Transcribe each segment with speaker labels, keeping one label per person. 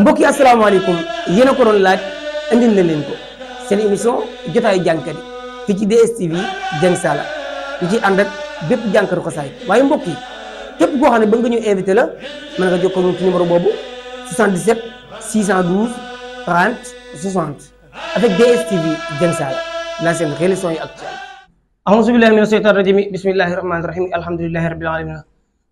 Speaker 1: mbokk yi asalaamaaleykum yéen a ko doon laaj andil na leen ko seen émission jotaayu jànkat yi fii ci DSTV Dieng Saala ñu ciy ànd ak bépp jànkatu xasaay waaye mbokk yi képp koo xam ne ba nga ñu invité la mën nga jokkoo ko ci numéro boobu 77 612 30 60 avec DSTV Dieng la seen relation yi actuelle. aouzu billahi mina shaytaani rajim bismillahi rahmaani rahim alhamdulillahi rabbil alamin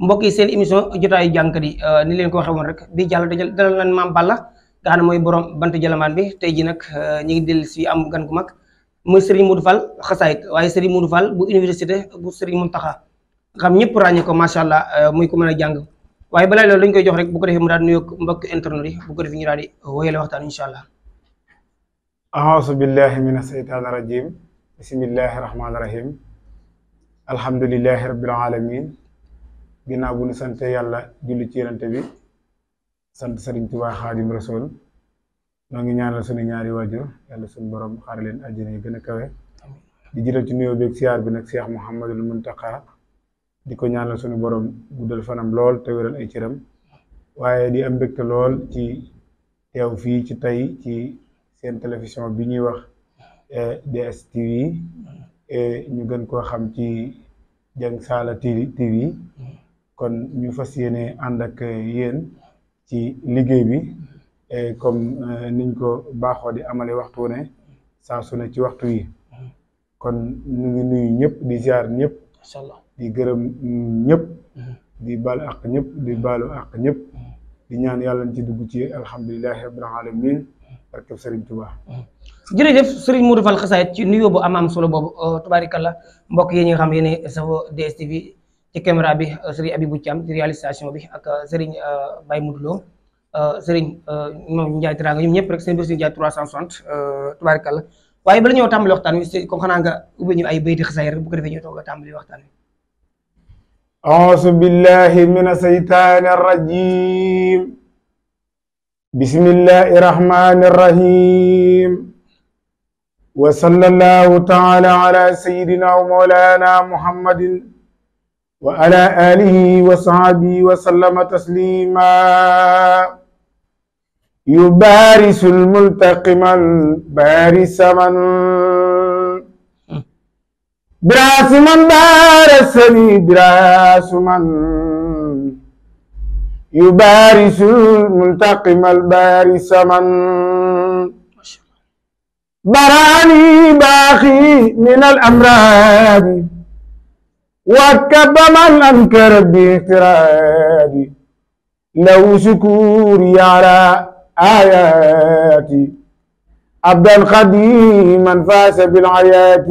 Speaker 1: mbokk yi seen émission jotaay jànkat eh, ni leen ko waxee woon rek bi jàll dajal dalal nañ Balla nga xam borom bant jalamaan bi tay ji nak eh, ñi ngi del si am gan gu mak muy Serigne Modou Fall waye Serigne Modou Fall bu université bu Serigne Mountakha xam ñepp ràññee ko machallah eh, muy ku meuna jang waye balay balaa loolu koy jox rek bu ko defee mu daal nuyoog mbokk internet yi bu ko defee ñu daal di wéyale waxtaan inshallah
Speaker 2: a'udhu billahi minash shaitaanir rajeem bismillahir rahmanir rahim alhamdulillahi rabbil alamin ginnaaw bu nu sante yàlla julli ci bi sant Sëriñ Tuubaa Xaadim Rasuul noo ngi ñaanal suñu ñaari waajur yàlla suñu borom xaar leen àjjana yi gën a kawe di jiital ci nuyoo beeg siyaar bi nag Cheikh Mouhamadul Muntaqa di ko ñaanal suñu borom guddal fanam lool te wéral ay cëram waaye di am mbégte lool ci teew fii ci tey ci seen télévision bi ñuy wax eh, DSTV mm. eh, ñu gën koo xam ci Dieng Saala TV kon ñu fas yéene ànd ak yeen ci liggey bi euh comme e, niñ ko baxo di amale waxtu ne sa suné ci waxtu yi kon ñu ngi nuyu ñepp di ziar inshallah di gërëm ñepp mm-hmm. di bal ak ñepp di balu ak ñepp mm-hmm. di ñaan yàlla ci dugg ci alhamdullilah rabbil alamin mm-hmm. barkeb Serigne Touba def Serigne Modou Fall Xasaayit ci nuyo bu
Speaker 1: am am solo bobu oh, tabarakallah mbokk yi ñi xam yene sa DSTV kamera abi eh, sri abi bucam di realisation abi ak serigne eh, baymu mudlo serigne eh, mom njay teranga ñepp rek serigne bousine njay 360 euh tabarakal waye ba la ñew tambali waxtan ci ko xana nga ubi ñu ay beyti xair bu ko defé ñew toga tambali waxtan
Speaker 2: a'udhu billahi minashaitanir rajim bismillahir rahmanir rahim wa sallallahu ta'ala ala sayyidina wa maulana muhammadin وعلى آله وصحبه وسلم تسليما يبارس الملتقم البارس من براس من بارسني براس من يبارس الملتقم البارس من براني باخي
Speaker 3: من الأمراض وكب من أنكر
Speaker 2: بإفرادي لو شكوري على آياتي عبدا قديما فاس بالعيات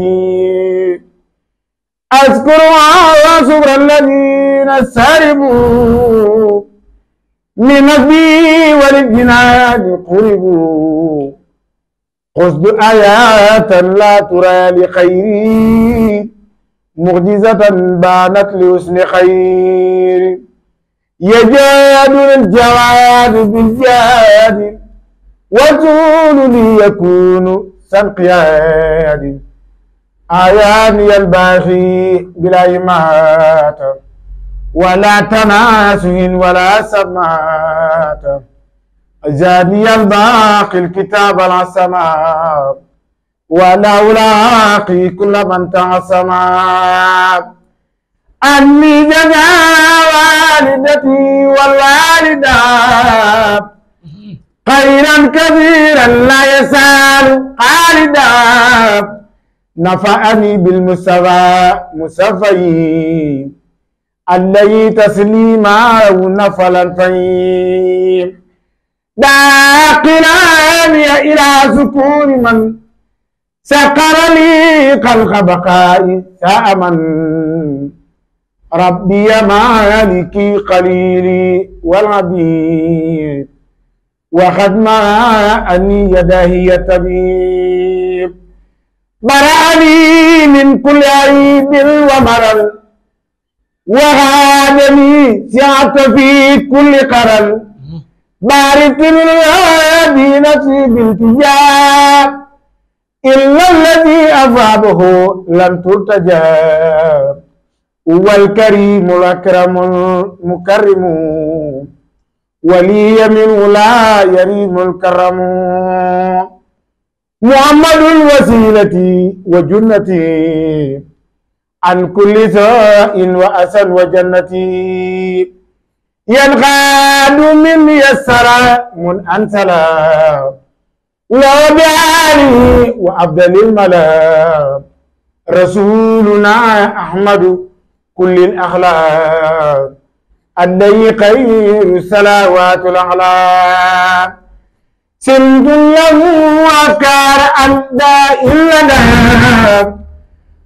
Speaker 2: أذكرها صبر الذين
Speaker 3: سربوا من نبي وللجناد
Speaker 2: قربوا قصد آيات لا ترى لخيري معجزة بانت لحسن خير يجاد الجواد بالجاد وجول ليكون سنقياد آياني الباخي بلا إمات ولا تناس ولا سمات زادني الباقي الكتاب العسمات ولولا لاقي كل من تعصم
Speaker 3: أني جنى والدتي والوالدة
Speaker 2: خيرا كثيرا لا يسال خالدا نفعني بالمستوى مصفي الذي تسليما ونفلا فيه
Speaker 3: داخلا إلى سكون من سكر لي
Speaker 2: خلق بقائي يا من ربي مالكي قليلي والعبيد وقد ما أني يداه طبيب
Speaker 3: برأني من كل عيب ومرل وهادني سعت في كل قرل بارك الله في بالتجار إلا الذي أذهبه
Speaker 2: لن ترتجى والكريم الأكرم المكرم ولي من ولا يريم الكرم محمد الوسيلة وجنتي عن كل سائل وأسى وجنتي ينقاد من يسر من أنسلام وبعلي وعبد وأفضل رسولنا أحمد كل الأخلاق الذي خير الصلوات الأعلى سند له وكار أبداء لنا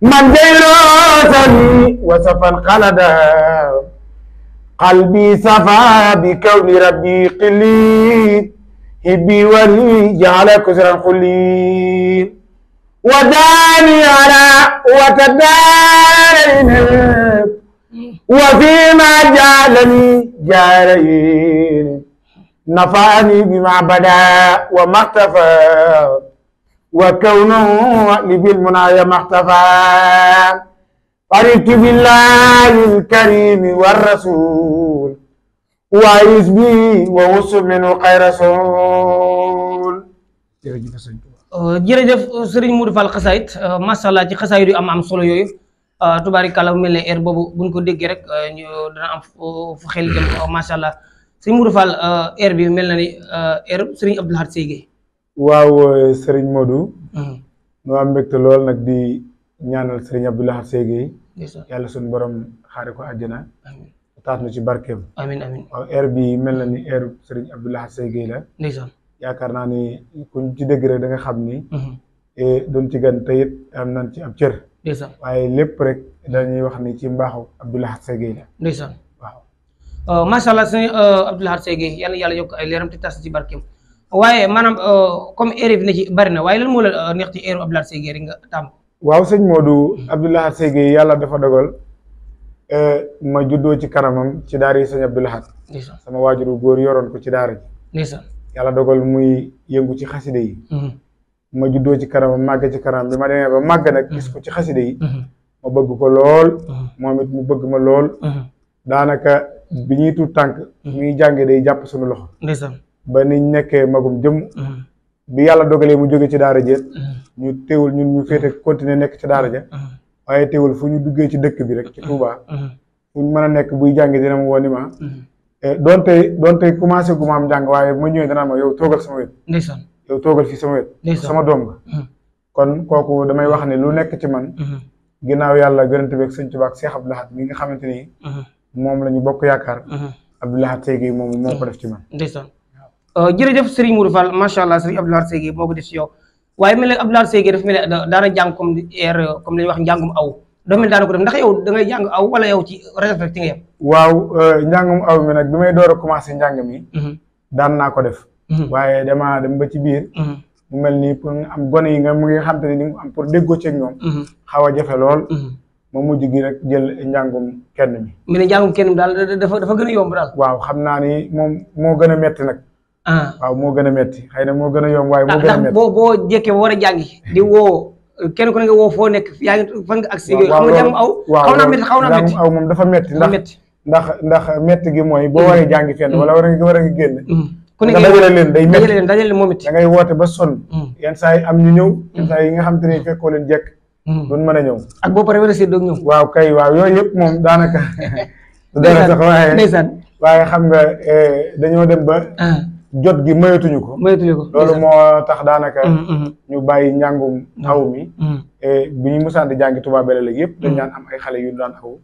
Speaker 2: من راسي وسفا خلدا قلبي صفى بكون ربي قليل هبي ولي جعل كسرا خليل وداني
Speaker 3: على وتدارين
Speaker 2: وفيما جعلني جارين نفعني بما بدا وما اختفى وكونه لبالمنايا ما اختفى قربت بالله الكريم والرسول وحزبي ووصف منه خير رسول jërëjëf sëñ
Speaker 1: Tuubaa euh, jërëjëf Serigne Modou Fall xasaayit euh, macha ci xasaayit yu am am solo yooyu euh, tubaarikàlla mel ne air boobu buñ ko déggee rek ñu dana am fu xel jëm macha allah Serigne air bi mel na ni air
Speaker 2: Serigne Abdou Lahad Seye waaw Serigne Modou. ñu hmm. am mbégte lool nag di ñaanal Serigne Abdou Lahad Seye yàlla suñu borom xaare ko àjjana. taas na ci barkeem. amiin amiin air bi mel na ni air Serigne Abdoulaye Seye Gueye la. ndeysaan yaakaar naa ni kuñ ci dégg rek da xam ni. Mhm. duñ ci gan te it am nañ ci ab cër. ndeysaan waaye lépp rek dañuy ni ci mbaaxu Abdoulaye Seye Gueye la.
Speaker 4: ndeysaan
Speaker 1: waaw. Euh, macha allah sëñ euh, Abdoulaye Seye Gueye yàlla yàlla yokk ay leeram te taas na ci barkeem. waaye maanaam euh, comme air bi na ci bari waaye lan moo la neex ci air Abdoulaye Seye Gueye rek nga tàmm.
Speaker 2: waaw sëñ Modou mhm. Abdoulaye Seye Gueye yàlla dafa dogal. Eh, ma juddoo ci kanamam ci daara yi sëñ Abdou Lahad sama waajuru góor yoroon ko ci daara ji yàlla dogal muy yëngu ci xaside yi mm-hmm. ma juddoo ci kanamam màgg ci kanam bi ma demee ba màgg nag gis mm-hmm. ko ci xaside yi mm-hmm. ma bëgg ko lool moom it mu bëgg ma lool daanaka bi ñuy tuut tànk muy jànge day jàpp suñu loxo ba niñ nekkee magum jëm bi yàlla dogalee mu jóge ci daara ji ñu teewul ñun ñu féete continuer nekk ci daara ja waaye teewul fu ñu duggee ci dëkk bi rek ci Touba. fu ñu a nekk buy jàng dina ma woo ma. Eh, donte donte commencé gu ma am jàng waaye bu ma ñëwee danaa ma yow toogal sama wet. ndeysaan yow toogal fii sama doom nga. Mm-hmm. kon kooku damay wax ne lu nekk ci man. Mm-hmm. ginnaaw yàlla gërënte beeg sëñ Tuubaa ak Seex Abdou Lahad mi nga xamante ni. Mm-hmm. moom lañu bokk yaakaar. Abdou Lahad Seye moom moo ko def ci man. ndeysaan a uh, Serigne
Speaker 1: Modou Fall macha allah Serigne Abdou Lahad Seye Gueye moo ko def ci yow. waaye mel ne Abdoulaye Seye Gueye dafa mel ne daana jàng comme
Speaker 2: air er, comme wax njàngum aw
Speaker 1: dafa mel daana ko def ndax yow da ngay jàng aw wala yow ci réserve nga yem
Speaker 2: waaw euh, njàngum aw mi nag bi may door a commencé njàng mi mhm. daan naa ko def mhm. waaye dama dem ba ci biir mhm. mu mel nii pour am gone yi nga mu ngi xam te ne ni am pour déggoo ci ak ñoom xaw a jafe lool moom mujj gi rek jël njàngum kenn mi kenn daal dafa dafa gën a yomb daal waaw xam naa ni moom moo gën a metti nag Ah. waaw moo gën a metti xay na moo gën a yomb waaye moo ah, gën a metti boo boo jékkee war a jàngi di woo kenn
Speaker 1: nekk yaa ngi ak si yooyu xam nga xaw naa metti xaw naa metti
Speaker 2: aw moom ndax ndax ndax gi mooy boo mm. waree jàngi fenn mm. wala war war a ngi génn mm. ku ne nga dajale leen day metti dajale leen da ngay woote ba sonn yenn am ñu ñëw saa yi nga xam te ne fekkoo leen jekk duñ mën a ñëw ak boo paree war a doog ñëw waaw kay waaw yooyu yëpp moom daanaka dara sax nga eh, dañoo dem ba ah. jot gi mayatuñu ko. mayatuñu ko loolu moo tax daanaka. Mm, mm. ñu bàyyi njàngum mm. aw mi. E bu ñu musaan di jàngi tubaab yi léegi yëpp. dañ daan am ay xale yu daan aw.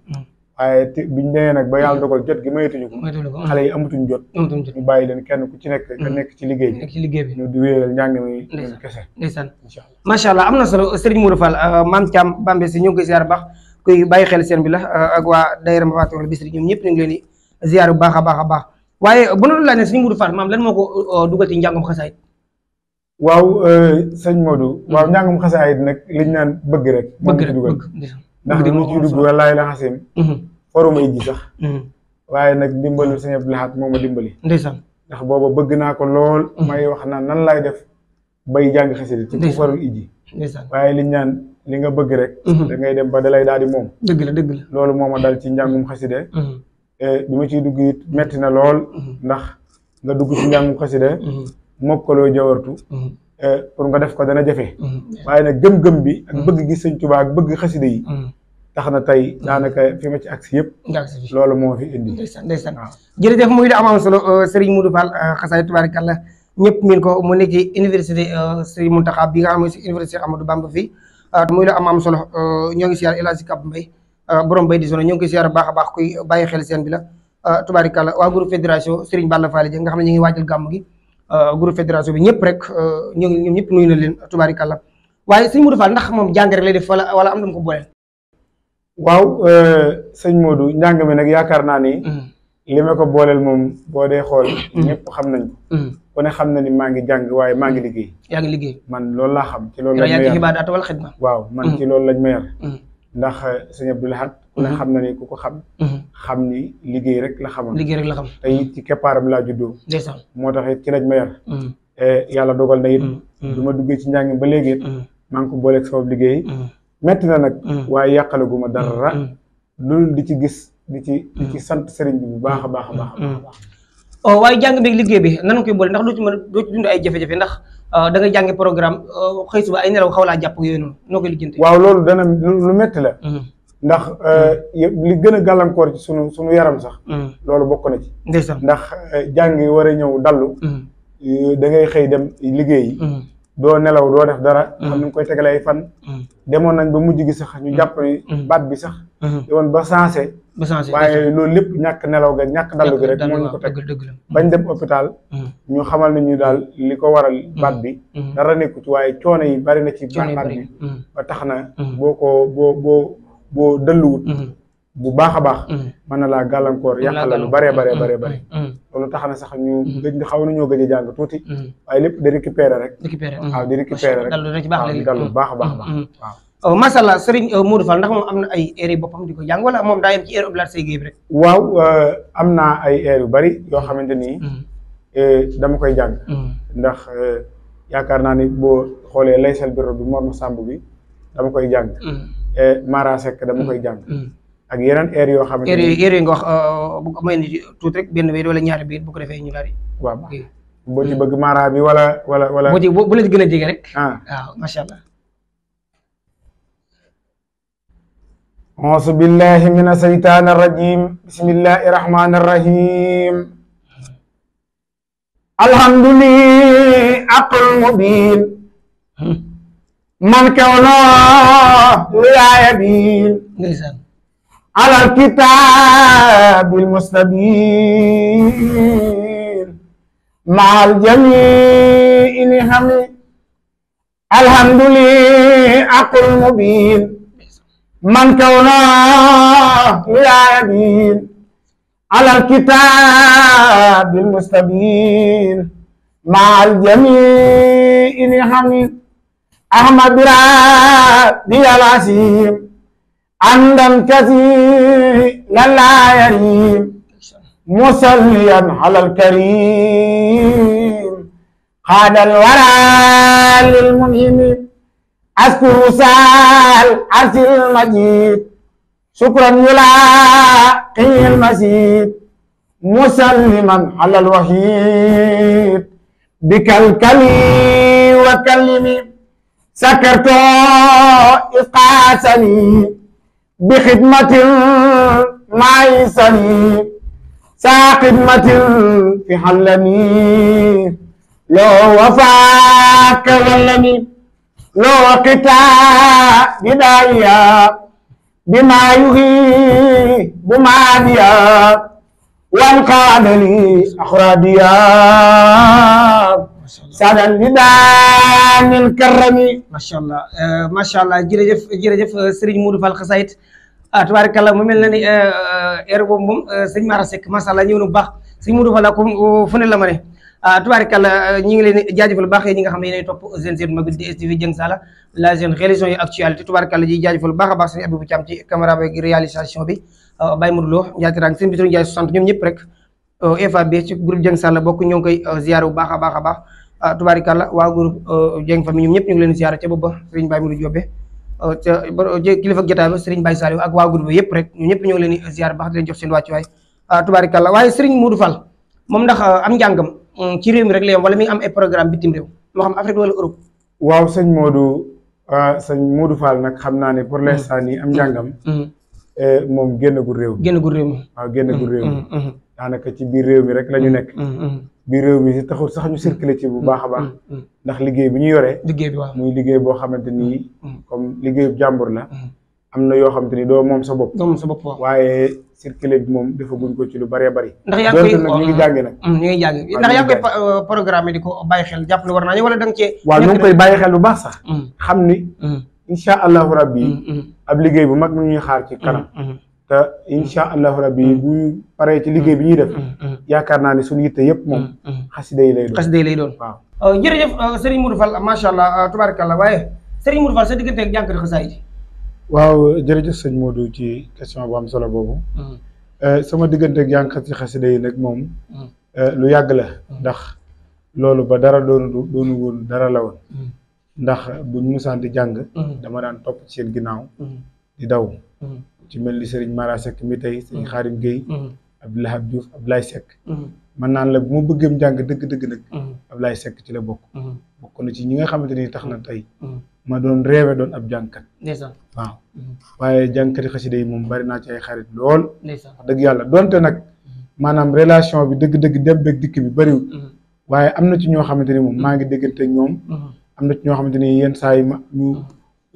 Speaker 2: waaye te biñ demee nag ba yàlla dogal jot gi mayatuñu ko. mayatuñu ko xale yi amatuñ jot. amatuñ jot ñu bàyyi leen kenn ku ci nekk. ka ci liggéey bi nekk ci liggéey bi ñu di wéyal njàng mi. ndeysaan kese
Speaker 1: ndeysaan. allah
Speaker 2: macha allah am na solo Serigne Mourou Fall euh,
Speaker 1: maam Thiam Bambey si ñu ngi koy ziar baax kuy bàyyi xel seen bi la euh, ak waa daayira Mafaatihul Bichri ñoom ñëpp ñu ngi leen baax a baax a baax waaye bu nu laaj ne sëñ Modou Fall maam lan moo ko euh, dugal ci njàngum
Speaker 2: xasaayit waaw euh, sëñ Modou hmm. waaw njàngum xasaayit nag liñ naan bëgg rek bëgg rek dugal
Speaker 4: ndax li mu ci dugg
Speaker 2: walaay la xasim hmm. foruma ji sax hmm. waaye nag dimbalu sëñ Abdou Lahad moo ma dimbali ndeysaan ndax booba bëgg naa ko lool may wax naan nan laay def bay jàng xasida ci ku farul iji waaye li naan li nga bëgg rek da ngay dem ba dalay daal di moom dëgg la dëgg la loolu moo ma dal ci njàngum xasida Eh, bi ma ciy dugg it metti na lool mm-hmm. ndax nga dugg ci njàngum xasida mm-hmm. mokkaloo jawartu mm-hmm. eh, pour nga def ko dana jafe waaye nag gëm-gëm bi ak bëgg gi sëñ Tuubaa ak bëgg xasida yi tax na tey daanaka fi ma ci agsi yëpp loolu moo fi indi ndeysaan ndeysaan jërëjëf muy da amaam solo euh, Serigne Modou Fall euh, xasaay tubaarikàlla ñëpp min
Speaker 1: ko mu nekk ci université euh, Serigne Mountakha bi nga xam ne si université Amadou Bamba fii muy la am am solo ñoo ngi si yàlla El Hadji Kab Eh, borom bay di zone ñu ngi koy siyaar baax baax kuy baye xel seen bi la euh tubaarikàlla wa groupe fédération Serigne Balla Fall nga xam ne ñu ngi wajjal gam gi euh groupe fédération bi ñepp rek eh, ñu ñoom ñepp nuyu na leen tubaarikàlla waye serigne Modou Fall ndax mom jang rek lay def wala wala am na ko
Speaker 2: waw euh serigne Modou njàng mi nak yaakar na ni. Mm-hmm. li ko booleel mom bo dee xol mm-hmm. ñepp xam nañ ko. Mm-hmm. ku ne xam na ni ma ngi jang waye ma ngi liggéey. ya ngi liggéey man loolu la xam. ci loolu la ya ngi ibadat wal khidma waw man ci loolu lañ mayal ndax sëñ Abdou Lahad ku ne mhm. xam na ni ku ko xam mhm. xam ni liggéey rek la xamoon liggéey rek la xam te it ci keppaaram laa juddoo ndeysaan moo tax it ci lañ ma yar mhm. e, yàlla dogal na it du ma duggee ci njàng ba léegi it maa ngi ko booleeg sama liggéey metti na nag waaye yàqale gu ma dara loolu di ci gis di ci di ci sant sëriñ bi bu baax a baax a baax a baax oh, waaye
Speaker 1: jàng bi liggéey bi nan koy boole ndax doo ci dund ay jafe-jafe ndax Euh, da ngay jàngi programme euh, xëy suba ay nelaw xaw laa jàpp yooyu noonu noo koy lijjanti waaw loolu
Speaker 2: dana lu metti la mm-hmm. ndax euh, li gën a gàllankoor ci sunu suñu yaram sax mm-hmm. loolu bokk na ci sax ndax jàng yi war a ñëw dallu mm-hmm. da ngay xëy dem liggéey doo nelaw doo def dara xam ni nga koy tegale fan mm-hmm. demoon nañ ba mujj gi sax ñu jàpp ni mm-hmm. baat bi sax mm-hmm. demoon ba sensé
Speaker 4: waaye loolu
Speaker 2: lépp ñàkk nelaw ga ñàkk dallu gi rek moo ñu ko teg bañ dem hôpital ñu xamal ne ñu daal li ko waral baat bi dara nekkut waaye coono yi bari na ci baat bi ba tax na boo ko boo boo boo dëlluwut bu baakha a baax. Mm. mën na laa gàllankoor lu bare bare mm. bare bare. Mm. lolu taxana sax ñu gëj xaw nañoo gëj a jàng tuuti. waaye lépp di récupérer rek. récupérer waaw di récupérer rek.
Speaker 1: ci baax léegi dallu baax a baax waaw. Oh, macha allah Serigne euh, Modou Fall ndax mom amna ay erreur bopam diko jang wala mom da yam ci erreur obligate sey geeb rek.
Speaker 2: waaw euh, amna ay erreur bari yo xamanteni euh dama koy jang ndax euh, yaakaar naa ni bo xolé laysal biro bi Mor sambu bi dama koy jàng. Mara Seck dama koy jang ak erio air yo xamanteni air air
Speaker 1: yi nga wax euh, bu ko mayni tout rek ben weer wala ñaar biir bu ko defé ñu la ri bo
Speaker 2: ci hmm. bëgg mara bi wala wala wala bo ci bu la
Speaker 1: gëna rek ah ma sha Allah
Speaker 2: A'udhu billahi minash shaitanir rajim bismillahir rahmanir rahim Alhamdulillah
Speaker 3: aqul mubin hmm. man kawna la yabin على الكتاب المستبين مع الجميع لهم الحمد لأق المبين من كونه لا يبين على الكتاب المستبين مع الجميع لهم أحمد ربي العظيم عمدا كثير للعيانين يليم مصليا على الكريم قاد الورى للمنهم أذكر سال عرس المجيد شكرا يلاقي المزيد مسلما على الوحيد بك الكلي وكلمي سكرت إذ بخدمة معيسني سا خدمة في حلني لو وفاك ولني لو قتا بدايا بما يغي بما ديا
Speaker 1: وانقاد اخرى أخراديا سادا لدان الكرمي ما شاء الله آه، ما شاء الله جرجف جرجف سرين مودو فالخسايت ah tubaarikàlla mu mel na ni heure eh, eh, boobu moom eh, sëñ Mara Seck macha allah ñëw na bu baax sëñ Modou Fala ko fu ne la ne ah tubaarikàlla ñu ngi leen di baax yéen xam ne yéenay topp GNZ Mobilité STV Dieng Sala la jeune religion yi baax a baax sëñ Abibou Thiam ci caméra bi réalisation bi ah, Baye Modou Lo njaatiraan sëñ Bitou Ndiaye 60 ñoom ñëpp rek FAB ci groupe Dieng Sala bokk ñoo ngi koy ziar bu baax a baax a baax ah, tubaarikàlla waa groupe Dieng famille ñoom ñëpp ñu leen ziar ca boobu ba sëñ Baye Modou Diobé Euh, kilifa jotaay ba Serigne Baye Saliou ak waa groupe yëpp rek ñu ñëpp ñoo ngi leen di ziar baax di leen jox seen wàccuwaay euh, tubaarikàlla waaye Serigne Modou Fall moom ndax euh, am njàngam ci réew mi rek la yem wala mi am ay programme
Speaker 2: bitim réew moo xam Afrique wala Europe. waaw sëñ Modou sañ Modou Fall nag xam naa ne pour l'instant nii am mm. njàngam. Mm. Mm. moom génnagul réew réew mi. waaw génnagul réew mi. daanaka ci biir réew mi rek la ñu mm, nekk. Mm, mm. biir réew mi taxul sax ñu circuler ci bu baax a baax. ndax liggéey bi ñu yoree. liggéey bi waaw muy liggéey boo xamante ni. comme liggéey jàmbur la. am na yoo xamante ni moom sa bopp. doo sa bopp waaye circuler bi moom defaguñ ko ci lu bëree bari ndax yaa ngi koy nag ñu ngi oh, jàngi nag. ñu ngi jàngi ndax
Speaker 1: yaa euh, di ko bàyyi xel jàpp ne war naa ñu wala da nga cee. waaw ñu ngi koy
Speaker 2: bàyyi xel bu baax sax. xam ni. incha allahu rabbi. ab liggéey bu mag mu ñuy xaar ci kanam te incha allahu rabbi mm-hmm. bu paree ci liggéey bi ñuy def mm-hmm. Mm-hmm. yaakaar naa ne suñu yitte yëpp moom xasida yi lay doon xasida yi lay doon waaw
Speaker 1: euh, jërëjëf euh, Serigne Modou Fall macha allah euh, tabarakallah waaye Serigne Modou Fall sa diggante ak jànkati ci
Speaker 2: question bu solo boobu sama diggante ak jànkati xasida yi nag moom lu yàgg la ndax loolu ba dara doonu doonu woon dara la woon ndax bu musaan di jàng dama daan topp ci seen ginnaaw di daw ci mel ni Serigne Mara Seck mi tey Serigne Xaarim mm. Guèye mm. Abdoulahab Diouf Abdoulaye Seck mm. man naan la bu ma bëggee njàng dëgg-dëgg nag Abdoulaye Seck ci la bokk bokk na ci ñi nga xamante ni tax na tey ma doon réewe doon ab jàngkat waaw waaye jàngkati xasida yi moom bari naa ci ay xarit lool wax dëgg yàlla donte nag maanaam relation bi dëgg-dëgg dem beeg dikk bi bariwul waaye am na ci ñoo xamante ni moom maa ngi déggante ñoom am na ci ñoo xamante yenn saa yi ma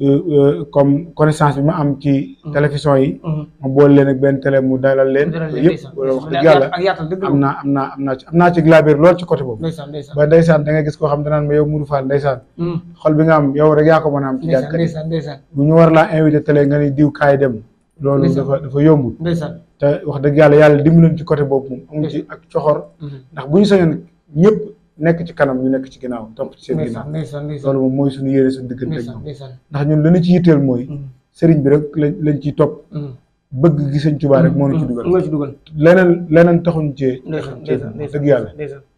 Speaker 2: Euh, euh, comme connaissance bi ma am ci mm-hmm. télévision yi mm-hmm. ma boole leen ak benn télé mu dalal leen yëpp wax dëgg yàlla am na am na am naa ci am naa ci glaabir lool ci côté boobu ba ndeysaan da nga gis koo xam danaan ma yow Modou Fall ndeysaan mm. xol bi nga am yow rek yaa ko a am ci jàkka bu ñu war laa invité télé nga ni diw kaay dem loolu dafa dafa te wax dëgg yàlla yàlla dimbaleen ci côté boobu moom amu ci ak coxor mm-hmm. ndax bu ñu sañoon ñëpp nekk ci kanam ñu nekk ci ginnaaw topp ci seen ginnaaw loolu moom mooy suñu yéene suñu diggante ak ñoom ndax ñun li ñu ci yitteel mooy mm. sëriñ bi rek lañ lañ ciy topp mm. bëgg gi sëñ mm. ñu ci yàlla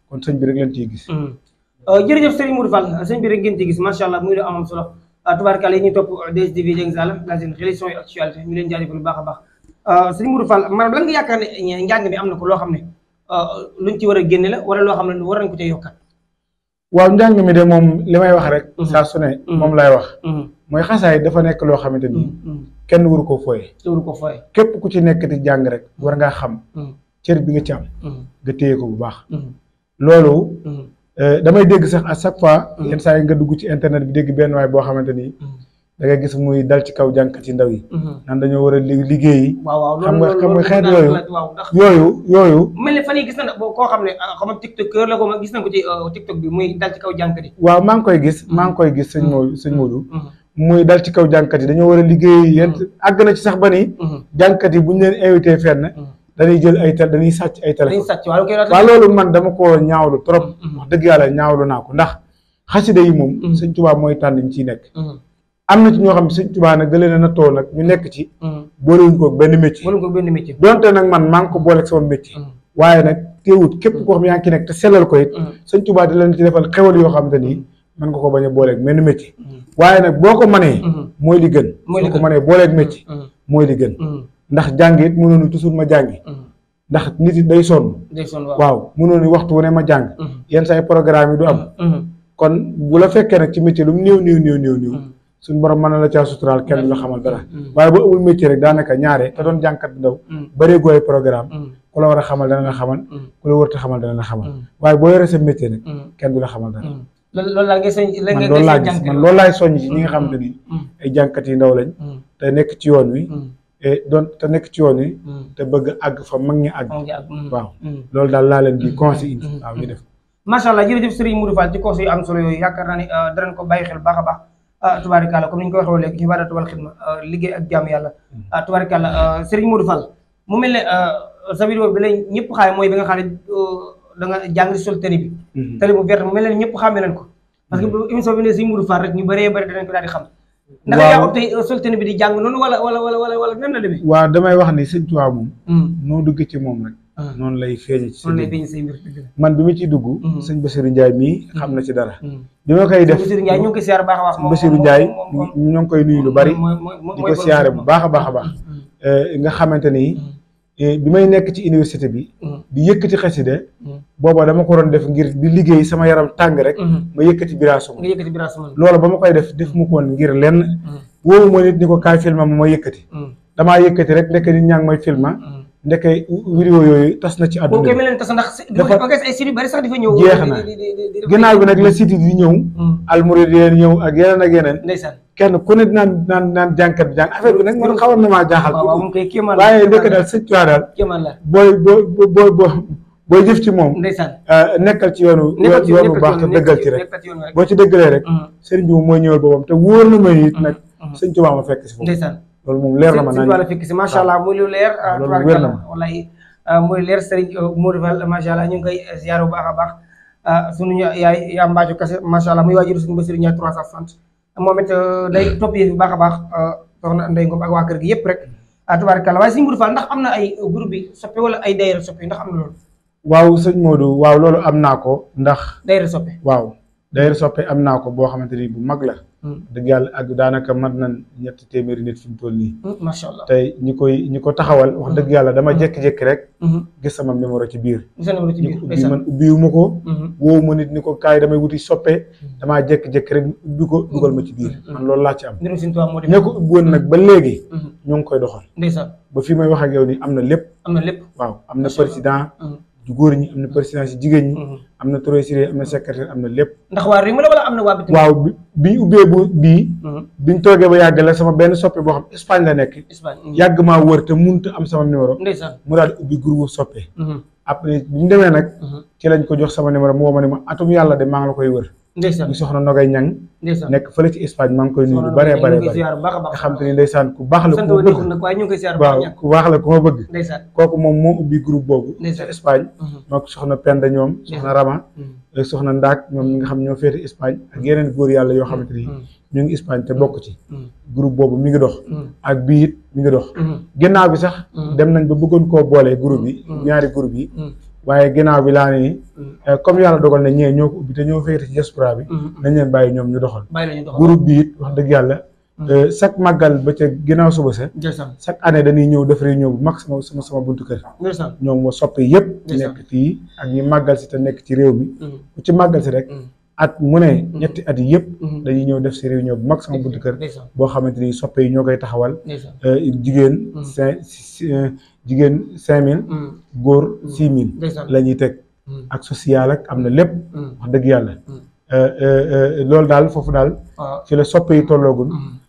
Speaker 2: kon sëñ bi rek lañ ciy gis
Speaker 1: euh, jërëjëf sëriñ Modou Fall sëñ bi rek ngeen ciy gis am euh, topp DSTV Dieng Saala ñu leen jaajëfal bu baax a baax euh, sëriñ Modou Fall maanaam lan nga yaakaar ne njàng mi am na ko loo xam ne Euh, luñ ci war a génne la wala loo xam ne war nañ ko cee yokkaat.
Speaker 2: waaw njàng mi de moom li may wax rek. Mhm. saa su ne mhm. moom laay wax. Mhm. mooy xasaay dafa nekk loo xamante ni. kenn war koo fooye. waru koo fooye képp ku ci nekk di jàng rek war ngaa xam. cër bi nga ci am. nga téye ko bu baax. loolu. Euh, damay dégg sax a chaque fois. yenn saa yi nga dugg ci internet bi dégg benn waay boo xamante ni. da gis muy dal ci kaw jànkat yi ndaw yi. Mhm. naan dañoo war a liggéey. waaw waaw xam nga xeet yooyu. yooyu yooyu.
Speaker 1: mel ni fan yii ne ko ma gis na ah, euh, muy dal ci kaw
Speaker 2: waaw maa ngi koy gis mhm. maa ngi koy gis sëñ mhm. Modou sëñ Modou. muy dal ci kaw jànkat yi dañoo war a liggéey yéen àgg na ci sax ba ni. jànkat yi bu ñu leen invité fenn. danuy jël ay tel dañuy sàcc ay téléphone. dañuy sàcc
Speaker 1: waaw loolu man
Speaker 2: dama koo ñaawlu trop. wax dëgg yàlla ñaawlu naa ko ndax xasida yi moom. sëñ Tuubaa mooy tànn ñu ciy nekk am na ci ñoo xam ne sëñ Tuubaa nag da na tool nag mu nekk ci. Mm. boolewuñ ko benn métier. boolewuñ ko benn métier. donte nag man maa ngi ko booleeg sama métier. Mm. waaye nag teewut képp koo xam yaa ngi ci nekk ko it. Mm. sëñ Tuubaa da leen ci defal xewal yoo xam ni mën ko bañ a booleeg benn waaye nag boo ko mënee. Mm-hmm. mooy li gën. mooy li ko mënee booleeg métier. mooy li ndax jàng it mënoonu toujours ma jàngi. ndax nit yi day sonn.
Speaker 4: day sonn waaw
Speaker 2: mënoonu waxtu wu ne ma jàng. Mm-hmm. yenn say programme yi du am. Mm-hmm. kon bu la fekkee nag ci métier lu mu néew néew néew néew suñu borom mën na la caa suturaal kenn du la xamal dara mm. waaye boo amul métier rek daanaka ñaare te doon jànkat bi ndaw mm. bëree gooy programme mm. ku la war a xamal dana la xamal ku la warta xamal la xamal waaye boo yoree sa métier dara ni ay jànkat yi ndaw lañ te nekk ci yoon wi e doon te nekk ci yoon wi bëgg àgg fa mag ñi àgg waaw loolu daal laa leen di conseil waaw ñu def
Speaker 1: macha allah jërëjëf Serigne Modou Fall ci conseil yu am solo yooyu ne euh, ko bàyyi xel baax a Ah, tubaarikàlla comme ni ñu ko waxee woon léegi ci waara tubal xidma ah, liggéey ak jaamu yàlla ah, tubaarikàlla Serigne Modou sa bi la ñëpp xaay mooy bi nga oh, da jàng si sol bi mhm. tëri bu vert mu mel ne ñëpp xàmmee nañ ko mhm. parce que émission bi ne ñu bëree bëri danañ ko daal di xam ndax yaa ut tey soltani bi di jàng
Speaker 2: noonu wala wala wala wala nan la demee waaw damay wax ni sëñ Tuubaa moom hmm. noo dugg moom rek Ah. noonu lay feeñe ci si man bi ma ciy dugg mm-hmm. sëñ Bassirou njaay mii xam na ci dara mm-hmm. bi ma koy def Bassirou Ndiaye ñu
Speaker 1: bu baax a baax
Speaker 2: ñoo ngi koy nuyu lu bari di bu baax a baax a baax mm-hmm. eh, nga xamante ni eh, bi may nekk ci université bi di yëkkati de booba dama ko doon def ngir di liggéey sama yaram tàng rek ma yëkkati biraasuma loolu ba ma koy def def mu ko ngir lenn wóoru ma nit ni ko kaay filma ma ma yëkkati damaa yëkkati rek nekk nit ñaa ngi filma ndeke vidéo yooyu tas na ci àdduna bi. boobu
Speaker 1: leen tas ndax ay site yu bari sax di jeex na ginaar bi nag la site yi ñëw. Hmm.
Speaker 2: almuridiyeen ñëw ak yeneen ak yeneen. ndeysaan kenn ku ne naan naan naan jànkat bi jàng affaire bi nag man xawoon na maa jaaxal. waaw waaw waaye ndeke daal sëñ Tuubaa daal. kéemaan la booy jëf ci moom euh, nekkal ci yoonu yoonu bu baax te dëggal ci rek boo ci dëggalee rek hmm. sëriñ bi moom mooy ñëwal boobam te wóor na ma it nag hmm, sëñ Tuubaa ma fekk si foofu loolu moom leer na ma naa ñu fekk
Speaker 1: si macha allah muy lu eh, leer. loolu wér na ma wallahi eh, muy leer Serigne eh, Modou Fall macha allah ñu ngi koy ziar bu baax a baax. suñu yaay yaa mbaaju ma macha allah muy waajur suñu Bassirou Ndiaye 360 moom day topp yëf bu baax a baax Ngom ak waa kër gi yëpp rek tubaarikàlla waaye Serigne Modou Fall ndax am ay groupe bi soppe wala ay daayira soppe ndax am na loolu.
Speaker 2: waaw sëñ Modou waaw loolu am naa ko ndax. daayira soppe waaw daayira soppe am naa ko boo xamante bu mag la. Mm. dëgg yàlla ak daanaka mat na ñetti téeméeri nit fi mu toll nii. Mm, macha allah tey ñi koy ñi ko taxawal. wax dëgg mm. yàlla dama jékki-jékki rek. Mm-hmm. gis sama numéro ci biir. gis
Speaker 1: numéro ci biir ubbi man ubbiwu ma ko. Mm-hmm.
Speaker 2: woowu ma nit ni ko kaay damay wuti soppe. Mm-hmm. damaa jékki-jékki rek ubbi ko dugal ma ci biir. man loolu laa ci am. ñoo ko ubbi woon nag ba léegi. ñoo ngi koy doxal. ba fi may wax yow nii am na lépp. am na lépp waaw am na président. góor ñi amna na présidence yi jigéen ñi. Mm-hmm. amna na trésorier amna na secrétaire am na lépp. ndax waa réew mi la wala am na bitim. waaw bi bi ñu ubbee mm-hmm. biñ toogee ba yàgg sama benn soppe boo xam Espagne la nekk.
Speaker 4: Espagne mm-hmm. yàgg
Speaker 2: maa wër te mënut am sama numéro. ndeysaan mu daal di ubbi groupe soppe. après bi ñu demee ci lañ ko jox sama numéro mu woo ma ne ma atum yàlla de maa ngi la koy wër. ndeysaan soxna Nogay Ñang nekk fële ci Espagne maa ngi koy nuyu bu bëree bëree bëri nga xam te ni ndeysaan ku baax la ku ma bëgg waaw ku baax la ku ma bëgg kooku moom moo ubbi groupe boobu ci Espagne mhm. moo ko soxna Penda ñoom soxna Rama mhm. soxna Ndaak ñoom ñi nga xam ñoo féete Espagne ak yeneen góor yàlla yoo xamante ni mhm. ñu ngi Espagne te bokk ci groupe boobu mi ngi dox ak bii it mi ngi dox gannaaw bi sax dem nañ ba bëggoon koo boolee groupe yi ñaari groupe yi waaye ginnaaw bi laa nii mm. eh, comme yàlla dogal na ñee ñoo ko ubbi te ñoo féete ci diaspora bi mm, mm. nañ leen bàyyi ñoom ñu doxal groupe bi it wax dëgg yàlla eh, chaque màggal ba ca ginnaaw suba sa chaque année dañuy ñëw def réunion bu mag sama sama sama buntu kër ñoom ma soppe yëpp nekk ak ñu màggal si te nekk ci réew mi ku ci màggal rek at mu ne ñetti at yëpp mm-hmm. dañuy ñëw def si réunion bu mag sama buntu kër boo xamante ni soppe yi ñoo koy taxawal eh, jigéen jigéen cinq mille mm. góor mm. six mille la ñuy teg mm. ak social ak am na lépp wax dëgg yàlla euh, euh, euh, loolu daal foofu daal ah. ci la soppe yi tolloogul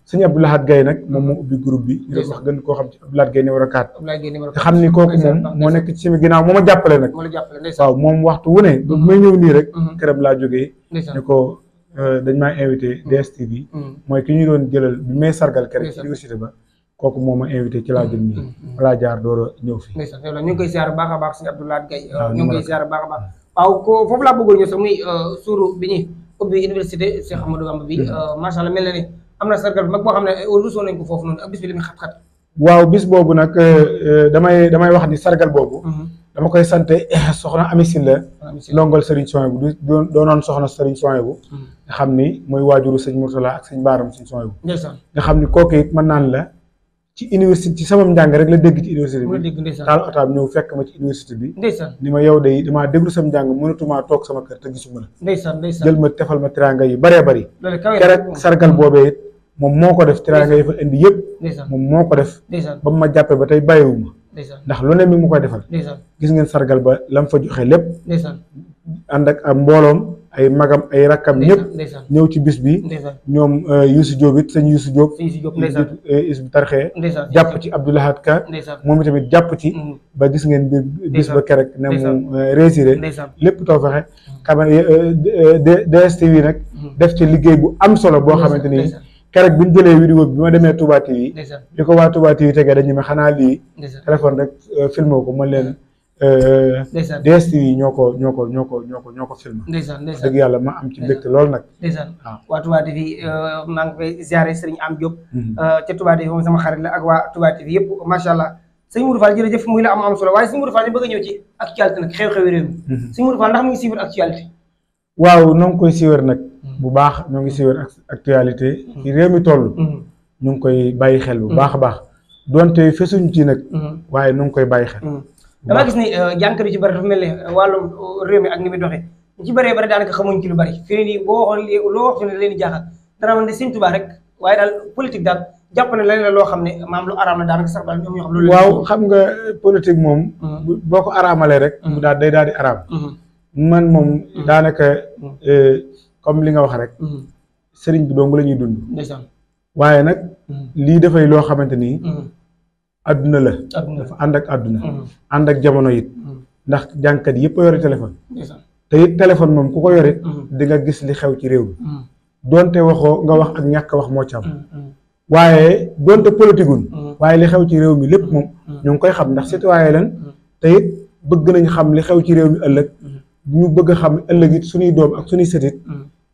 Speaker 2: sëñ Abdou Lahad Gaye nag moom moo ubbi groupe bi ñu wax gën koo xam ci Abdou Lahad war numéro
Speaker 1: 4 te xam ni kooku moom
Speaker 2: moo nekk ci sama ginnaaw moo ma jàppale nag waaw moom waxtu wu ne ba may mm-hmm. ñëw nii rek mm-hmm. këram laa jógee ni ko dañ maa invité yi mm-hmm. mooy ki ñu doon jëlal bi may sargal kër ci université ba kooku moo ma invité ci laa jëm nii mm-hmm. Mm-hmm. laa jaar door a ñëw fii
Speaker 1: ñu ngi koy ziar baax a baax si Abdoulaye Gaye ah, euh, ñu ngi koy ziar baax a baax mm-hmm. waaw ko foofu laa bëggoon ñëw sax muy euh, suuru bi ñuy université Cheikh euh, xam ne ruusoo ko foofu noonu ak bis
Speaker 2: bi boobu nag damay damay wax ni sargal boobu dama koy sante eh, soxna amisin la longol Serigne Souhaïbou du doonoon soxna Serigne Souhaïbou nga xam ni mooy waajuru sëñ Mourtala ak sëñ Baaram sëñ Souhaïbou nga xam ni kooku it mën naan la ci université ci sama njàng rek la dégg ci université bi taal otaam ñëw fekk ma ci université bi ni ma yow day damaa déglu sama njàng mënatumaa toog sama kër te gisuma
Speaker 1: la jël ma
Speaker 2: tefal ma teraanga yi bëree bëri
Speaker 4: keroog sargal
Speaker 2: boobee moom moo ko def teraanga yi fa indi yëpp moom moo ko def ba mu ma jàppee ba tey bàyyiwuma ndax lu ne mi mu koy defal gis ngeen sargal ba lam fa joxe lépp ànd ak am mbooloom ay magam ay rakkam ñëpp ñëw ci bis bi ñoom euh, Youssou Diop it sëñ Youssou Diop is euh, bu jàpp ci Abdou Lahad Ka moom itamit jàpp ci mm. ba gis ngeen bi bis ba kerek ne mu euh, réussiré lépp too fexe mm. xam ne DSTV nag mm. def ci liggéey bu am solo boo xamante ni kerek bi ñu jëlee vidéo bi ma demee Touba TV li ko waa Touba TV tegee dañu mi xanaa lii téléphone rek filmé ko mën leen DSTV yi ñoo ko ñoo ko ñoo ko ñoo ko ñoo ko filmé dëgg yàlla ma am ci mbégte loolu nag
Speaker 1: ndeysaan ah. waa Touba TV euh, maa ngi fay ziare Serigne Am Diop mhm. euh, ca Touba ak waa Touba yëpp macha sëñ Mourou Fall jërëjëf muy la am am solo waaye sëñ Mourou Fall ñu bëgg a ñëw ci actualité nag xew-xewi réew mi mhm. sëñ Mourou Fall ndax mu ngi actualité
Speaker 2: waaw ñoo ngi koy suivre nag mhm. bu baax ñoo ngi suivre actualité ci réew mi toll ñu ngi koy bàyyi xel bu baax a baax doonte fesuñ ci nag waaye ñu ngi koy bàyyi xel
Speaker 1: damaa gis ni euh, jànkat ci bëri dafa mel ne euh, wàll euh, réew mi ak ni muy doxee ñu ci bëree bëri daanaka xamuñ ci lu bëri nii boo waxoon loo wax fi ne leen di jaaxal dana man de Sëñ Tuubaa rek loo xam ne maam lu araam la daanaka sax daal ñoom ñoo xam loolu waaw
Speaker 2: xam nga politique moom mm-hmm. boo ko araamalee rek mu mm-hmm. daal day daal di araam mm-hmm. man moom daanaka comme li nga wax rek sëriñ bi dong la ñuy dund waaye nag lii dafay loo xamante nii adduna la. dafa ànd ak àdduna mm. ànd ak jamono it. Mm. ndax jànkat yëpp a yore téléphone. te it téléphone moom ku ko yore. Mm. di nga gis li xew ci réew mi. donte waxoo nga wax ak ñàkk wax moo ci am. waaye donte politique gun waaye li xew ci réew mi lépp moom. ñu ngi koy xam ndax citoyen lan te it bëgg nañ xam li xew ci réew mi ëllëg. ñu bëgg a xam ëllëg it suñuy doom ak suñuy sëtit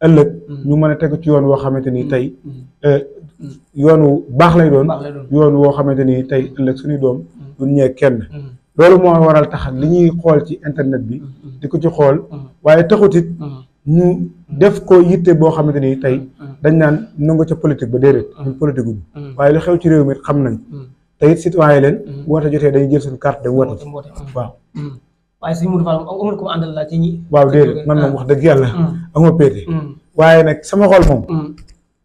Speaker 2: ëllëg ñu mën a tegu ci yoon woo xamante ni tey euh, yoon wu baax lay doon yoon woo xamante ni tey ëllëg suñuy doom mm. duñ ñee kenn mm. loolu moo waral tax li ñuy xool ci internet bi mm. di ko ci xool waaye taxutit ñu def ko yitte boo xamante ni tey dañ naan nangu ca politique ba déedéet ñun politique uñu waaye lu ci réew mi xam nañ te it citoyen leen woote jotee dañuy jël suñu carte dem woote waaw
Speaker 1: waaye suñu Modou Fall amul ko àndal la ci
Speaker 2: déedéet man moom wax dëgg yàlla amoo péete waaye nag sama xol moom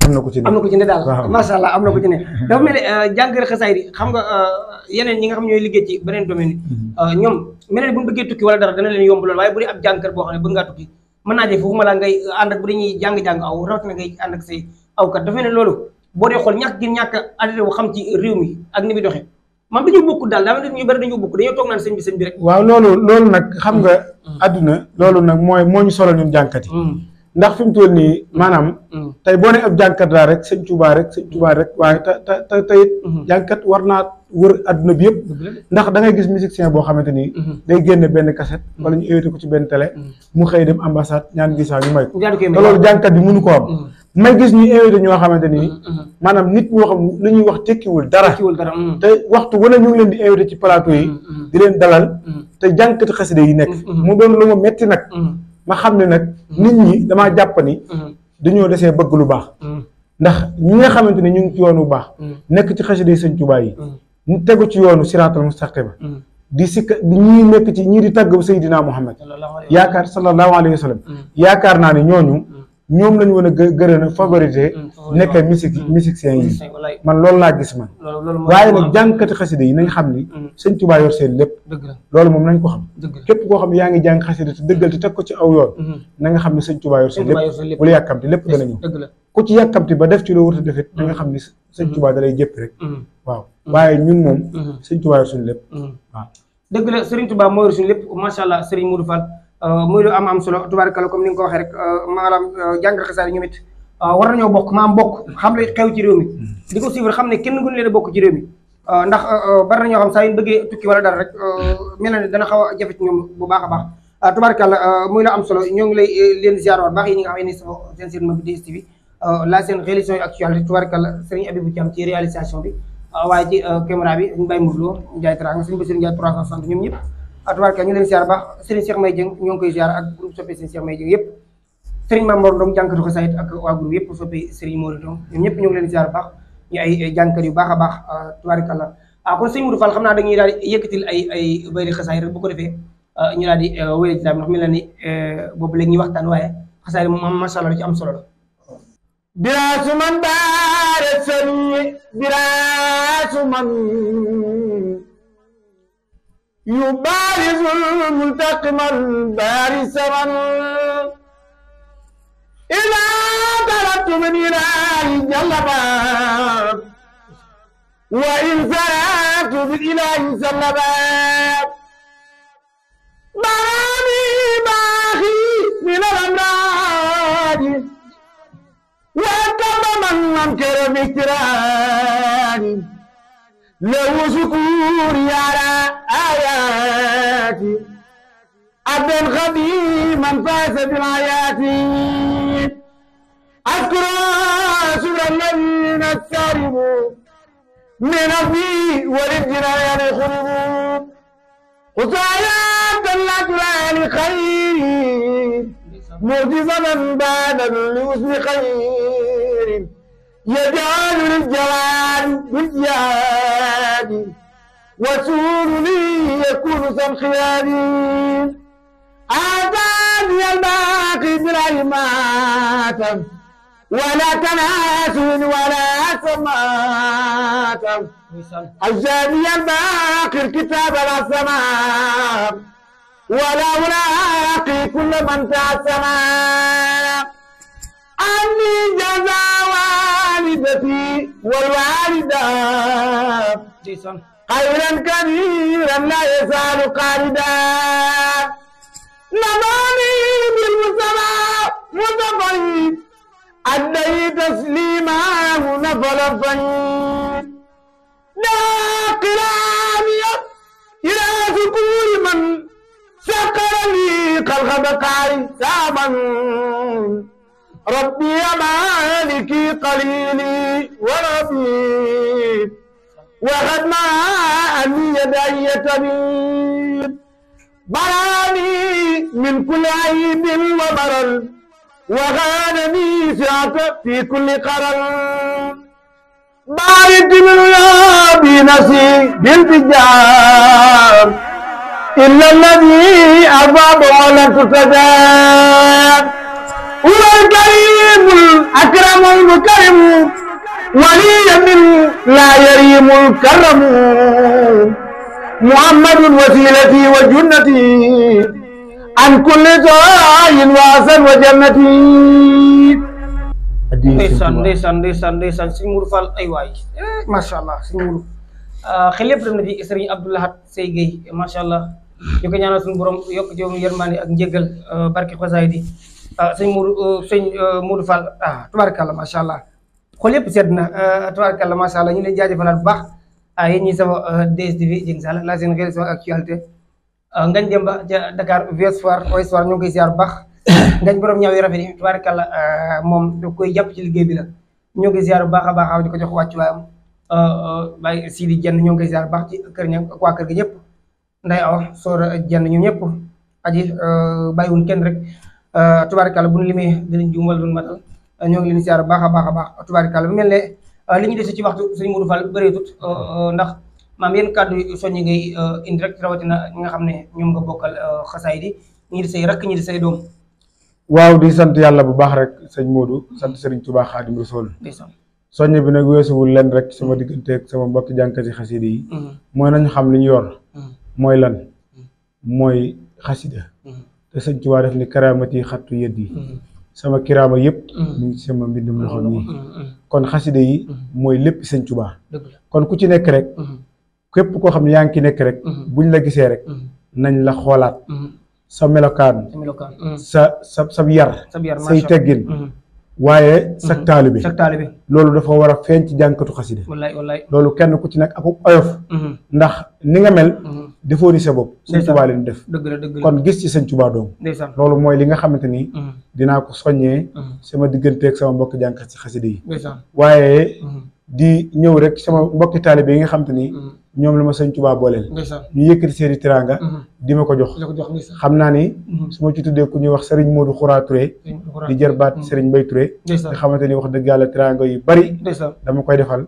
Speaker 2: am na ko ci ne am
Speaker 1: na ko ci ne daal macha allah am na ko ci ne dafa mel ne euh, jàngale xasaay yi xam nga euh, yeneen ñi nga xam ñooy liggéey ci beneen domaine yi mm-hmm. euh, ñoom mel ne bu ñu bëggee tukki wala dara dana leen yomb lool waaye bu dee ab jàngkat boo xam ne bëgg ngaa tukki mën naa jëf foofu ma laa ngay ànd ak bu dañuy jàng-jàng aw rawatina ngay ànd ak say awkat dafa mel ne loolu boo dee xool ñàkk gi ñàkk adré wu xam ci réew mi ak ni muy doxee man dañu bokk daal daa ñu bëri dañu bokk dañoo toog naan sëñ bi sëñ bi rek waaw loolu
Speaker 2: loolu nag xam nga mm-hmm. àdduna loolu nag mooy moo ñu solo ñun jàngkat yi mm-hmm. ndax fi mu toll nii mm. maanaam. Mm. tey boo ne ab jàngkat laa rek sëñ Tuubaa rek sëñ Tuubaa rek waaye te te te tey it. Mm-hmm. war naa wër adduna bi yëpp. ndax dangay ngay gis musicien boo xamante ni. Mm-hmm. day génne benn cassette. Mm-hmm. wala ñu invité ko ci benn télé. mu xëy dem ambassade ñaan visa ñu may ko. te loolu jànkat bi mënu ko am. may gis ñu invité ñoo xamante ni. maanaam nit ñoo xam lu ñuy wax tekkiwul dara. tekkiwul dara te waxtu wane ñu ngi leen di invité ci plateau yi. di leen dalal. te jàngkati xasida yi nekk. mu doon nag. ma xam ne nag nit ñi damaa jàpp ni mm-hmm. dañoo desee bëgg lu baax mm-hmm. ndax ñi nga xamante ne ñu ngi ci yoonu baax mm-hmm. nekk ci xasida yi sëñ Tuubaa yi ñu tegu ci yoonu siraatal mustaqima di sikka ñii nekk ci ñii di tàgg Seydina Muhammad yaakaar sallallahu alayhi wa sallam yaakaar naa ne ñooñu ñoom lañu war a gë gërëm a favoriser. Mm, nekkee musique mm. musiciens yi. man loolu laa gis man. waaye nag jàngkati xasida yi nañ xam ni. Mm. sëñ Tuubaa yor seen lépp. loolu moom nañ ko xam. képp koo xam ne yaa ngi jàng xasida te dëggal te ko ci aw yoon. Mm-hmm. na nga xam ne sëñ Tuubaa yor seen lépp. bu la yàkkamti lépp dana ñëw. ku ci yàkkamti ba def ci a def it da nga xam ni sëñ mm-hmm. Tuubaa da lay jëpp waaw waaye ñun moom. Mm-hmm. sëñ Tuubaa yor suñu lépp.
Speaker 1: waaw Euh, muy lu am am solo tubaarkalla comme ni nga ko waxee rek euh, maanaam euh, jàng xasaar yi ñoom it war nañoo bokk maam bokk xam la xew ci réew mi mm. di ko suivre xam ne kenn gënu leen a bokk ci réew mi ndax bari na ñoo xam saa yu bëggee tukki wala rek mel na dana xaw a jafe ñoom bu baax a baax tubaarkalla muy lu am solo ñoo ngi lay leen ziar waat yi ñi nga xam ne safo seen seen bi DSTV la seen réalisation bu actualité tubaarkalla Serigne bi waaye ci caméra bi ñu bàyyi mudloo Ndiaye Tara nga suñu Bassirou ñoom ñëpp tubaarkal ñu leen ziar ba Serigne Cheikh May jeng ñong koy ziar ak groupe soppe Serigne Cheikh May jeng yépp Serigne mamour Mor Ndong jànkatu ko sayit ak wa groupe yépp soppe Serigne Mor Ndong ñom ñëpp ñong leen ziar baax ñi ay jankal yu baax a baax tubaarkal la ah kon Serigne Modou Fall xamna dañuy daal yëkëtil ay ay bayri xasaay rek bu ko defee ñu daal di wéyal ci daal ndax mel na ni boobu léegi ñuy waxtaan waaye xasaay moom am masha ci am solo la براس من بارت سمي براس
Speaker 3: man يبارز الملتقم البارس من إذا طلبت من إلهي جل وإن سرعت جل باب مرامي باخي من الأمراض وأتم من منكر باكتراني لو شكوري على آياتي
Speaker 4: عبد خبير من فاز بالآيات
Speaker 3: أذكر سورة الذين سربوا من أبي والابتلاء يا عبد الله لعن خير معجزة من بعد اليسر خير يجعل الجلال بالجاه وسور لي يكون كالخيال يا الباقي بلا ماتم ولا تناس ولا سماتم
Speaker 1: أجاني الباقي الكتاب لا سمام
Speaker 3: ولا ألاقي كل من تأسم أني جزا والدتي والوالدة خيرا كثيرا لا يزال قاردا نماني بالمسمى متضيف أدي تسليمه نفل الضيف ناقلا عامية إلى سكون من سكر لي خلق بقعي ساما ربي يا مالكي قليلي وربي وقد ما أبي يدعي طبيب براني من كل عيب ومرض وغانني سعة في كل قرار بارك من يا بنفسي بالفجار إلا الذي أباب ولم تتجار هو الكريم الأكرم المكرم waliyan min la yarimul karamu muhammadun wasilati wa junnati an kulli ta'in wa asan wa jannati
Speaker 1: ndeysaan ndeysaan ndeysaan ndeysaan sëñ Mourou Fall ay waay allah sëñ Mourou xelep eh, dem na ci sëriñ Abdou Lahad Seye ya, Gueye macha allah ñu ko ñaanal suñu borom yokk ci yërmande ak njëgal barke xasaay di sëñ Mourou sëñ Mourou Fall ah tubaarkàlla macha allah xolep yëpp sedd na ma sha allah ñu leen jaajëfal bu baax yéen ñi sama DSTV Dieng eh, Saala la seen réseau actualité ngañ dem ba Dakar Ouest soir Ouest soir ñu ngi koy ziar bu baax ngañ borom ñaw yi rafet yi tubaarkàlla moom da koy japp ci liggey bi la ñu ngi koy ziar bu baax a baax di ko jox wàccuwaayam Baye Sidi Jenn ñu ngi koy ziar bu baax ci kër ña wa kër gi ñep nday aw soor jenn ñu ñëpp aji eh, bayiwun kenn rek eh, tubaarkàlla bu ñu limé dinañ jumal duñ matal ñoo ngi leen ziar baaxa baaxa baax a kala bu mel ne euh, li ñu dese ci waxtu serigne Mourou Fall tut euh, ndax maam yeen kaddu soñi ngay euh, indirect rawati na nga xamne ne ñoom nga bokal xasaay di ñi di sey rakk ñi di sey doom.
Speaker 2: waaw di sant yalla bu baax rek serigne Modou sant Serigne Touba khadim rasoul soñi bi wessu wul len rek sama ak sama mbokk jankati xasida yi. moy mm-hmm. nañ xam li ñu yor. moy mm-hmm. lan moy mm-hmm. xasida te serigne Touba def ni karamati xattu yedd yi. sama kiraama yëpp mm. mu ngi sama mbindum loxo nii mm, mm. kon xasida yi mooy lépp sëñ Tuubaa kon ku ci nekk rek képp koo xam yaa ngi ci nekk rek buñ la gisee rek nañ la xoolaat sa melokaan sa sa sa yar say teggin waaye mhm. sag taalibe sag taalibe loolu dafa war a feeñ ci jànkatu xasida wallaay wallaay loolu kenn ku ci nekk ak oyof mhm. ndax ni nga mel mhm. defoo ni sa bopp sëñ Tuubaa leen def
Speaker 1: dëgg la dëgg la kon gis ci
Speaker 2: sëñ Tuubaa doom loolu mooy li nga xamante ni dina ko soññee sama diggante digganteeg sama mbokk jànkat ci xasida yi waaye di ñëw rek sama mbokki taalibe yi nga xam ni. Mm-hmm. ñoom la ma sëñ Tuubaa booleel. ñu yëkkati seen i teraanga. Mm-hmm. di ma ko jox. xam naa ni. Mm-hmm. su ma ci tuddee ku ñuy wax Serigne Modou Khoura Touré. di jërbaat Serigne Mbaye Touré. nga xamante ni wax dëgg yàlla teraanga yi bari. dama koy defal.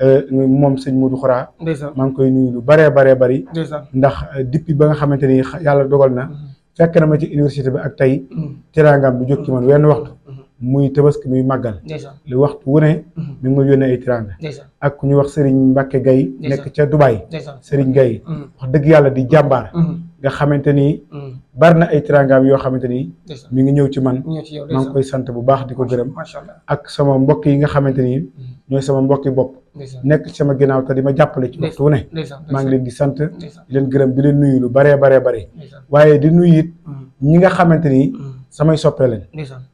Speaker 2: Euh, moom sëñ Modou Khoura. maa ngi koy nuyu lu baree baree bari. ndax euh, depuis ba nga xamante ni yàlla dogal na. fekk na ma ci université bi ak tey. teraangaam du jóg ci man wenn waxtu. muy tabaski muy magal li waxtu wone mhm. mi ngi yone ay tiranga ak ku ñu wax Serigne Mbacke gay nek ci dubai Serigne gay mhm. wax deug yalla di jambar mhm. nga xamanteni ni na ay tirangaam yo xamanteni ni mi ngi ñew ci man
Speaker 4: maa ngi koy
Speaker 2: sante bu baax di ko ak sama mbokk yi nga xamanteni ni sama mbokk yi bop nek ci sama ginaaw te di ma ci waxtu wone ma ngi leen di sante di leen gërem di leen nuyu lu bare bare bare waye di nuyu it ñi nga xamanteni ni samay soppee lañ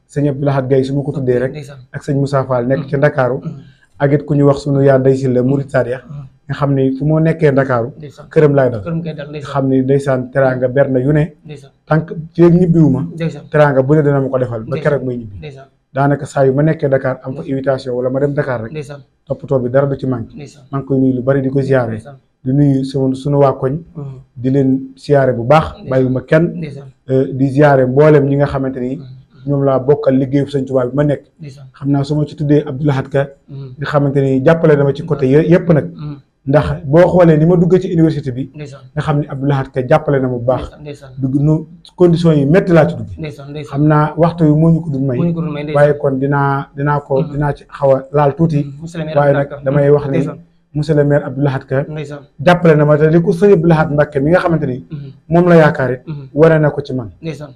Speaker 2: sëñ Abdou Lahad Gaye su ma ko tuddee rek ak sëñ Moussa Fall nekk mm. ci Ndakaaru mm. ak ku ñu wax sunu yaa ndey si la Murit Sadiya mm. nga xam ni fu moo nekkee Ndakaaru këram laay dal
Speaker 4: nga xam
Speaker 2: ni ndeysaan teraanga ber na yu ne tànk feeg ñibbiwuma teraanga bu ne dana ma ko defal ba keroog may ñibbi daanaka saa yu ma nekkee Dakar am fa invitation wala ma dem Dakar rek toppatoo bi dara du ci manqué maa ngi koy nuyu lu bari di ko ziyaare lu nuyu sama sunu waa koñ. Mm. di leen siyaare bu baax. ma kenn. Eh, di siyaare mboolem ñi nga xamante ni. Mm, mm. ñoom laa bokkal liggéey liggéeyu sëñ Tuubaa bi ma nekk. xam naa su ma ci tuddee Abdou Lahad Ka. nga xamante ni jàppale na ma ci côté yëpp nag. ndax boo xoolee ni ma duggee ci université bi. nga xam ne Abdou Lahad Ka jàppale na mu baax. dugg nu conditions yi métti laa ci dugg. xam naa waxtu wi moo ñu ko dul may. waaye kon dinaa dinaa ko dinaa ci xaw a laal tuuti. waaye nag damay wax ni. monsieur le maire Abdou Lahad Ka jàppale na ma te li ko sëñ Abdou Lahad Mbacké mi nga xamante ni mhm. moom la yaakaar it mhm. wane na ko ci man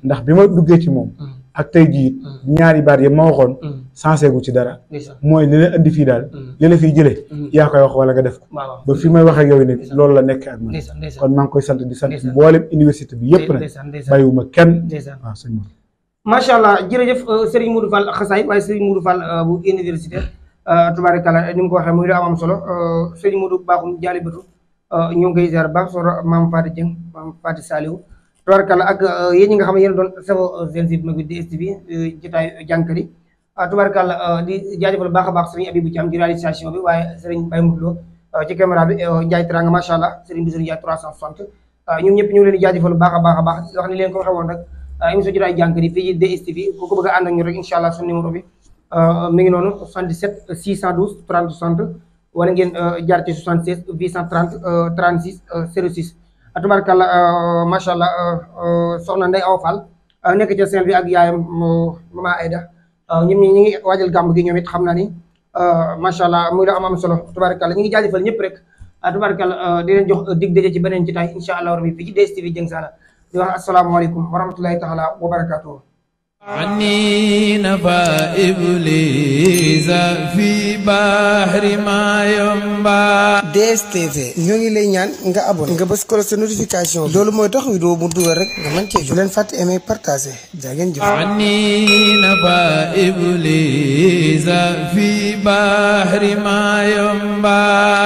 Speaker 2: ndax bi ma duggee ci moom mhm. ak tey jii ñaari baat yi ma waxoon sensé gu ci dara mooy li la indi fii daal li la fiy jëlee yaa koy wax wala nga def ko ba fi may wax ak yow nii loolu la nekk ak man kon maa ngi koy sant di sant mboolem université bi yëpp nag bàyyiwuma kenn waaw sëñ
Speaker 1: macha allah jërëjëf euh, Serigne Modou Fall Xasaay waaye Serigne Euh, tubaarikala ni mu ko waxee muy lu am am solo euh, sëñ Modou Bakhoum Dialibatu euh, ñu ngi koy ziar baax soro maam Faty Dieng maam Faty Saliou tubaarikala ak yéen ñi nga xam ne doon safoo seen site bi DSTV jotaay jànkar yi tubaarikala di jaajëfal baax a baax sëriñ Abibou Thiam ci réalisation bi waaye sëriñ Baye Mourlo ci caméra bi Ndiaye Teranga macha allah sëriñ bi sëriñ Ndiaye 360 ñun ñëpp baax a baax baax wax ni leen ko waxee woon rek émission jotaay jànkar yi fii ci DSTV ku numéro bi Euh, mi ngi noonu 77 612 30 60 wala ngeen euh, jaar ci 76 830 36 06 tubarkalla macha allah euh, soxna Ndeye Awa Fall nekk ca Saint-Louis ak yaayam Mama Aida ñun ñi ñu ngi waajal gàmb gi ñoom it ni allah muy la am am solo tubarkalla ñu ngi jaajëfal ñëpp rek tubarkalla di leen jox dig daje ci beneen ci tay incha allah rabbi fii ci DSTV Dieng Saala di wax wa taala wa barakatuh
Speaker 3: عني نبا
Speaker 1: إبليس في بحر ما ينبع DSTV ñoo ngi lay ñaan nga abonné nga bës ko sa notification loolu mooy tax vidéo bu dugal rek nga mën cee jox leen fàtte aimer partager
Speaker 3: jaa ngeen jëf عني نبا إبليس في بحر ما ينبع